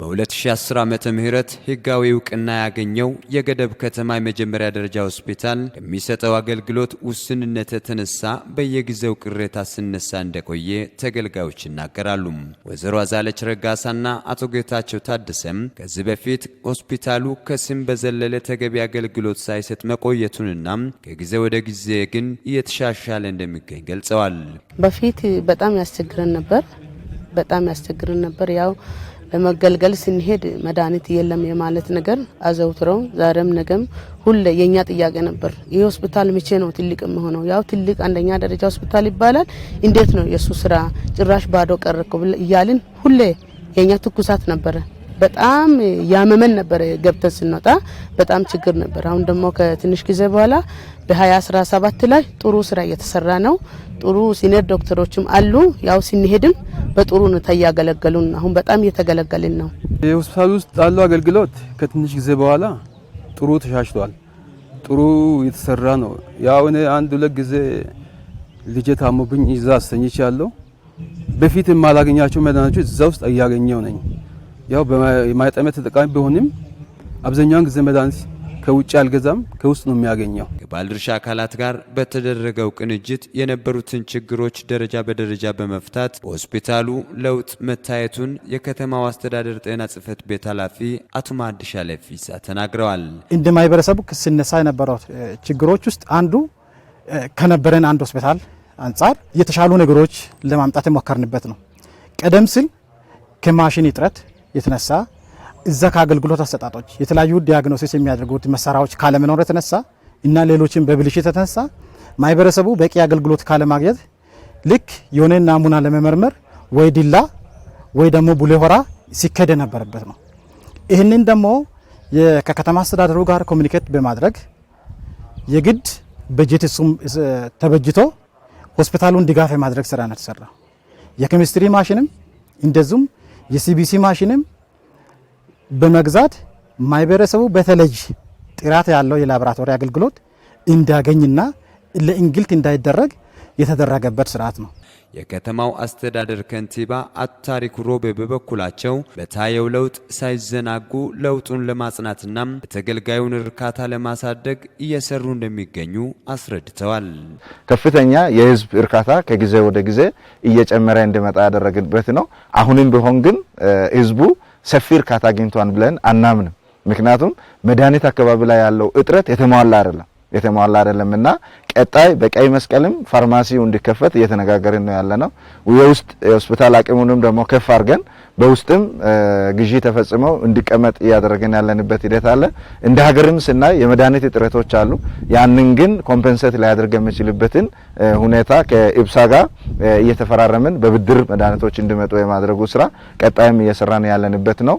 በ2010 ዓመተ ምህረት ህጋዊ እውቅና ያገኘው የገደብ ከተማ የመጀመሪያ ደረጃ ሆስፒታል ከሚሰጠው አገልግሎት ውስንነት የተነሳ በየጊዜው ቅሬታ ስነሳ እንደቆየ ተገልጋዮች ይናገራሉ። ወይዘሮ አዛለች ረጋሳና አቶ ጌታቸው ታደሰም ከዚህ በፊት ሆስፒታሉ ከስም በዘለለ ተገቢ አገልግሎት ሳይሰጥ መቆየቱንና ከጊዜ ወደ ጊዜ ግን እየተሻሻለ እንደሚገኝ ገልጸዋል። በፊት በጣም ያስቸግረን ነበር በጣም ያስቸግረን ነበር ያው ለመገልገል ስንሄድ መድኃኒት የለም የማለት ነገር አዘውትረው ዛሬም ነገም ሁሌ የእኛ ጥያቄ ነበር። ይህ ሆስፒታል መቼ ነው ትልቅ የሆነው? ያው ትልቅ አንደኛ ደረጃ ሆስፒታል ይባላል። እንዴት ነው የእሱ ስራ ጭራሽ ባዶ ቀረኮ እያልን ሁሌ የእኛ ትኩሳት ነበረ። በጣም ያመመን ነበረ። ገብተን ስንወጣ በጣም ችግር ነበር። አሁን ደግሞ ከትንሽ ጊዜ በኋላ በ ሰባት ላይ ጥሩ ስራ እየተሰራ ነው። ጥሩ ሲኒየር ዶክተሮችም አሉ። ያው ስንሄድም በጥሩ ሁኔታ እያገለገሉን አሁን በጣም እየተገለገልን ነው። የሆስፒታል ውስጥ ያለው አገልግሎት ከትንሽ ጊዜ በኋላ ጥሩ ተሻሽቷል። ጥሩ እየተሰራ ነው። ያው እኔ አንድ ሁለት ጊዜ ልጄ ታሞብኝ እዛ አስተኝቼ ያለው በፊት የማላገኛቸው መድኃኒቶች እዛ ውስጥ እያገኘው ነኝ። ያው የማይጠመ ተጠቃሚ ቢሆንም አብዛኛውን ጊዜ መድኃኒት ከውጭ አልገዛም፣ ከውስጥ ነው የሚያገኘው። ከባለድርሻ አካላት ጋር በተደረገው ቅንጅት የነበሩትን ችግሮች ደረጃ በደረጃ በመፍታት በሆስፒታሉ ለውጥ መታየቱን የከተማው አስተዳደር ጤና ጽህፈት ቤት ኃላፊ አቶ ማዲሻ ለፊሳ ተናግረዋል። እንደ ማህበረሰቡ ስነሳ የነበረው ችግሮች ውስጥ አንዱ ከነበረን አንድ ሆስፒታል አንጻር የተሻሉ ነገሮች ለማምጣት የሞከርንበት ነው። ቀደም ሲል ከማሽን እጥረት የተነሳ እዛ ከአገልግሎት አሰጣጦች የተለያዩ ዲያግኖሲስ የሚያደርጉት መሳሪያዎች ካለመኖር የተነሳ እና ሌሎችን በብልሽት የተነሳ ማህበረሰቡ በቂ አገልግሎት ካለማግኘት ልክ የሆነ ናሙና ለመመርመር ወይ ዲላ ወይ ደግሞ ቡሌሆራ ሲከደ ነበረበት ነው። ይህንን ደግሞ ከከተማ አስተዳደሩ ጋር ኮሚኒኬት በማድረግ የግድ በጀት እሱም ተበጅቶ ሆስፒታሉን ድጋፍ የማድረግ ስራ ነው የተሰራ። የኬሚስትሪ ማሽንም እንደዚሁም የሲቢሲ ማሽንም በመግዛት ማህበረሰቡ በተለይ ጥራት ያለው የላብራቶሪ አገልግሎት እንዲያገኝና ለእንግልት እንዳይደረግ የተደረገበት ስርዓት ነው። የከተማው አስተዳደር ከንቲባ አቶ ታሪኩ ሮቤ በበኩላቸው በታየው ለውጥ ሳይዘናጉ ለውጡን ለማጽናትና የተገልጋዩን እርካታ ለማሳደግ እየሰሩ እንደሚገኙ አስረድተዋል። ከፍተኛ የሕዝብ እርካታ ከጊዜ ወደ ጊዜ እየጨመረ እንዲመጣ ያደረግበት ነው። አሁንም ቢሆን ግን ሕዝቡ ሰፊ እርካታ አግኝቷን ብለን አናምንም። ምክንያቱም መድኃኒት አካባቢ ላይ ያለው እጥረት የተሟላ አይደለም የተሟላ አይደለም እና ቀጣይ በቀይ መስቀልም ፋርማሲው እንዲከፈት እየተነጋገርን ነው ያለ ነው። የውስጥ የሆስፒታል አቅሙንም ደግሞ ከፍ አድርገን በውስጥም ግዢ ተፈጽመው እንዲቀመጥ እያደረግን ያለንበት ሂደት አለ። እንደ ሀገርም ስናይ የመድኃኒት እጥረቶች አሉ። ያንን ግን ኮምፐንሰት ሊያደርግ የሚችልበትን ሁኔታ ከኢብሳ ጋር እየተፈራረምን በብድር መድኃኒቶች እንዲመጡ የማድረጉ ስራ ቀጣይም እየሰራን ያለንበት ነው።